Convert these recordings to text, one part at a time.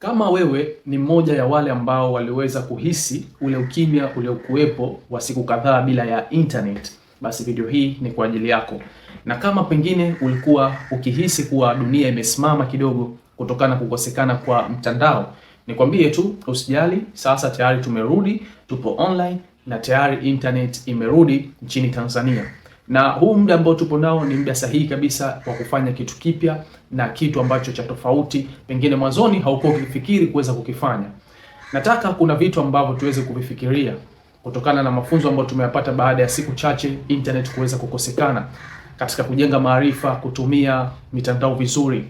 Kama wewe ni mmoja ya wale ambao waliweza kuhisi ule ukimya uliokuwepo wa siku kadhaa bila ya internet, basi video hii ni kwa ajili yako. Na kama pengine ulikuwa ukihisi kuwa dunia imesimama kidogo kutokana kukosekana kwa mtandao, nikwambie tu usijali, sasa tayari tumerudi, tupo online na tayari internet imerudi nchini Tanzania na huu muda ambao tupo nao ni muda sahihi kabisa wa kufanya kitu kipya na kitu ambacho cha tofauti, pengine mwanzoni haukuwa ukifikiri kuweza kukifanya. Nataka kuna vitu ambavyo tuweze kuvifikiria kutokana na mafunzo ambayo tumeyapata baada ya siku chache internet kuweza kukosekana katika kujenga maarifa, kutumia mitandao vizuri.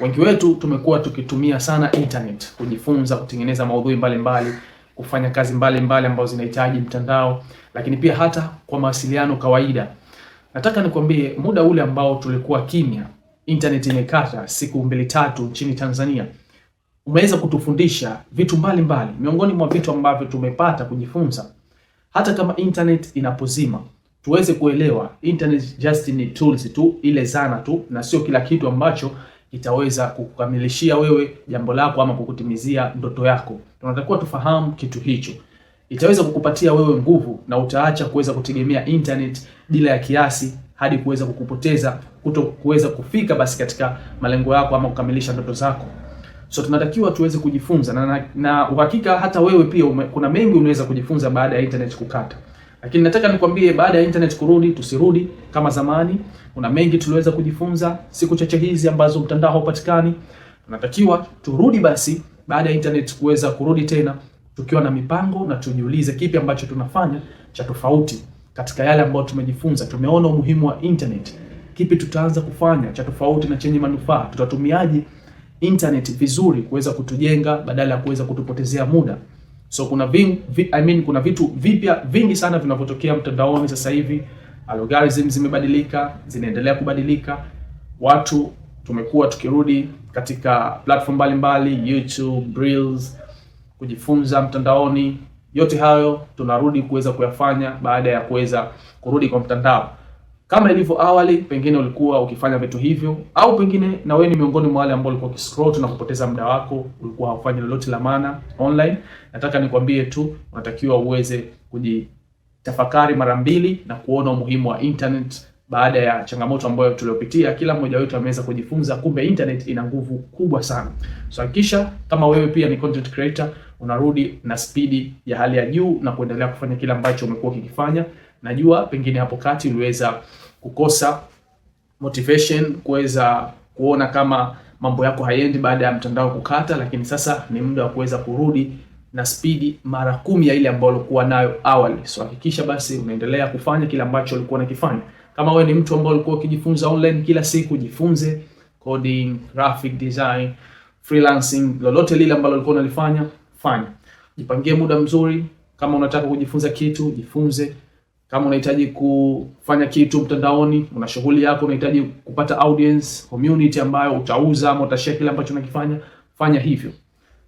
Wengi wetu tumekuwa tukitumia sana internet kujifunza, kutengeneza maudhui mbalimbali mbali, kufanya kazi mbalimbali ambazo zinahitaji mtandao, lakini pia hata kwa mawasiliano kawaida. Nataka nikwambie muda ule ambao tulikuwa kimya, internet imekata siku mbili tatu nchini Tanzania, umeweza kutufundisha vitu mbalimbali mbali. Miongoni mwa vitu ambavyo tumepata kujifunza, hata kama internet inapozima tuweze kuelewa internet just ni tools tu, ile zana tu, na sio kila kitu ambacho itaweza kukamilishia wewe jambo lako ama kukutimizia ndoto yako. Tunatakiwa tufahamu kitu hicho itaweza kukupatia wewe nguvu na utaacha kuweza kutegemea internet bila ya kiasi hadi kuweza kukupoteza kuto kuweza kufika basi katika malengo yako ama kukamilisha ndoto zako. So tunatakiwa tuweze kujifunza na, na, na uhakika hata wewe pia ume, kuna mengi unaweza kujifunza baada ya internet kukata. Lakini nataka nikwambie baada ya internet kurudi, tusirudi kama zamani. Kuna mengi tuliweza kujifunza siku chache hizi ambazo mtandao haupatikani. Tunatakiwa turudi basi baada ya internet kuweza kurudi tena tukiwa na mipango na tujiulize kipi ambacho tunafanya cha tofauti katika yale ambayo tumejifunza. Tumeona umuhimu wa internet, kipi tutaanza kufanya cha tofauti na chenye manufaa? Tutatumiaje internet vizuri kuweza kutujenga badala ya kuweza kutupotezea muda? So kuna ving, vi, I mean, kuna vitu vipya vingi sana vinavyotokea mtandaoni sasa hivi. Algorithms zimebadilika, zinaendelea kubadilika. Watu tumekuwa tukirudi katika platform mbalimbali, YouTube, Reels kujifunza mtandaoni, yote hayo tunarudi kuweza kuyafanya baada ya kuweza kurudi kwa mtandao. Kama ilivyo awali, pengine ulikuwa ukifanya vitu hivyo, au pengine na wewe ni miongoni mwa wale ambao ulikuwa ukiscroll tu na kupoteza muda wako, ulikuwa haufanyi lolote la maana online. Nataka nikwambie tu, unatakiwa uweze kujitafakari mara mbili na kuona umuhimu wa internet baada ya changamoto ambayo tuliopitia, kila mmoja wetu ameweza kujifunza, kumbe internet ina nguvu kubwa sana. So hakikisha kama wewe pia ni content creator unarudi na spidi ya hali ya juu na kuendelea kufanya kile ambacho umekuwa ukikifanya. Najua pengine hapo kati uliweza kukosa motivation, kuweza kuona kama mambo yako hayendi baada ya mtandao kukata, lakini sasa ni muda wa kuweza kurudi na spidi mara kumi ya ile ambayo ulikuwa nayo awali. So hakikisha basi unaendelea kufanya kile ambacho ulikuwa unakifanya. Kama wewe ni mtu ambaye ulikuwa ukijifunza online kila siku, jifunze coding, graphic design, freelancing, lolote lile ambalo ulikuwa unalifanya kufanya. Jipangie muda mzuri, kama unataka kujifunza kitu jifunze. Kama unahitaji kufanya kitu mtandaoni, una shughuli yako, unahitaji kupata audience, community ambayo utauza ama utashare kile ambacho unakifanya, fanya hivyo.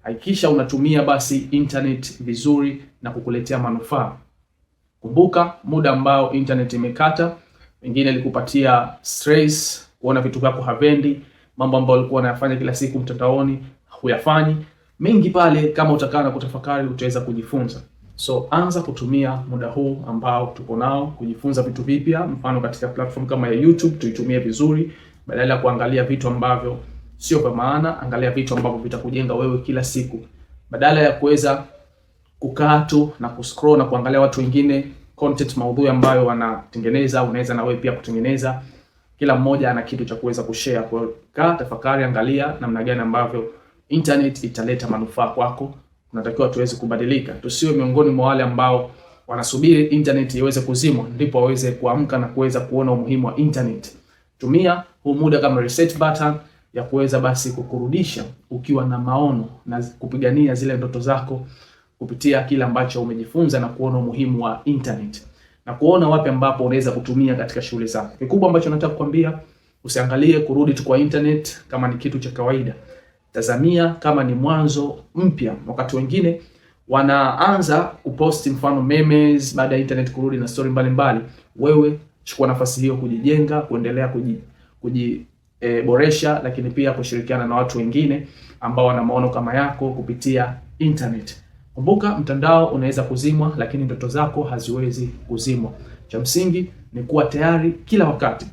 Hakikisha unatumia basi internet vizuri na kukuletea manufaa. Kumbuka muda ambao internet imekata, wengine ilikupatia stress, kuona vitu vyako havendi, mambo ambayo ulikuwa unayafanya kila siku mtandaoni huyafanyi mengi pale, kama utakaa na kutafakari utaweza kujifunza. So anza kutumia muda huu ambao tuko nao kujifunza vitu vipya. Mfano katika platform kama ya YouTube tuitumie vizuri, badala ya kuangalia vitu ambavyo sio kwa maana, angalia vitu ambavyo vitakujenga wewe kila siku, badala ya kuweza kukaa tu na kuscroll na kuangalia watu wengine content, maudhui ambayo wanatengeneza. Unaweza na wewe pia kutengeneza, kila mmoja ana kitu cha kuweza kushare. Kwa kaa, tafakari, angalia namna gani ambavyo internet italeta manufaa kwako. Tunatakiwa tuweze kubadilika, tusiwe miongoni mwa wale ambao wanasubiri internet iweze kuzimwa ndipo waweze kuamka na kuweza kuona umuhimu wa internet. Tumia huu muda kama reset button ya kuweza basi kukurudisha ukiwa na maono na kupigania zile ndoto zako kupitia kile ambacho umejifunza na kuona umuhimu wa internet na kuona wapi ambapo unaweza kutumia katika shughuli zako. Kikubwa ambacho nataka kukwambia, usiangalie kurudi tu kwa internet kama ni kitu cha kawaida tazamia kama ni mwanzo mpya. Wakati wengine wanaanza kuposti mfano memes baada ya internet kurudi na story mbalimbali mbali. Wewe chukua nafasi hiyo kujijenga, kuendelea kujiboresha, kuji, e, lakini pia kushirikiana na watu wengine ambao wana maono kama yako kupitia internet. Kumbuka, mtandao unaweza kuzimwa, lakini ndoto zako haziwezi kuzimwa. Cha msingi ni kuwa tayari kila wakati.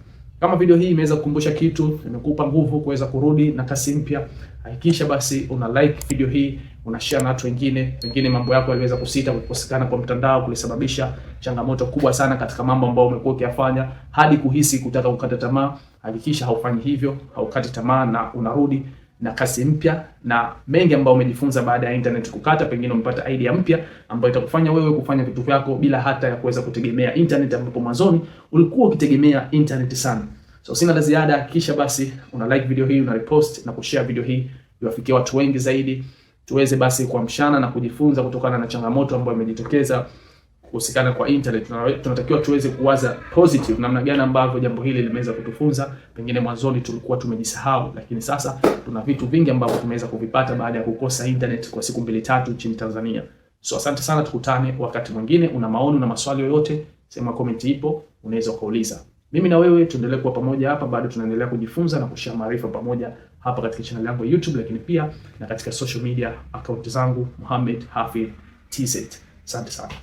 Kama video hii imeweza kukumbusha kitu, imekupa nguvu kuweza kurudi na kasi mpya, hakikisha basi una like video hii, una share na watu wengine. Pengine mambo yako yaliweza kusita kukosekana kwa mtandao kulisababisha changamoto kubwa sana katika mambo ambayo umekuwa ukiyafanya hadi kuhisi kutaka kukata tamaa. Hakikisha haufanyi hivyo, haukati tamaa na unarudi na kasi mpya na mengi ambayo umejifunza baada ya internet kukata. Pengine umepata idea mpya ambayo itakufanya wewe kufanya vitu vyako bila hata ya kuweza kutegemea internet, ambapo mwanzoni ulikuwa ukitegemea internet sana. So sina la ziada, hakikisha basi una like video hii, una repost na kushare video hii iwafikie watu wengi zaidi, tuweze basi kuamshana na kujifunza kutokana na changamoto ambayo imejitokeza kuhusikana kwa internet, tunatakiwa tuweze kuwaza positive, namna gani ambavyo jambo hili limeweza kutufunza. Pengine mwanzoni tulikuwa tumejisahau, lakini sasa tuna vitu vingi ambavyo tumeweza kuvipata baada ya kukosa internet kwa siku mbili tatu nchini Tanzania. So asante sana, tukutane wakati mwingine. Una maoni na maswali yoyote, sema comment ipo, unaweza kuuliza. Mimi na wewe tuendelee kuwa pamoja hapa, bado tunaendelea kujifunza na kushare maarifa pamoja hapa katika channel yangu ya YouTube, lakini pia na katika social media account zangu Mohamed Hafidh TZ. Asante sana.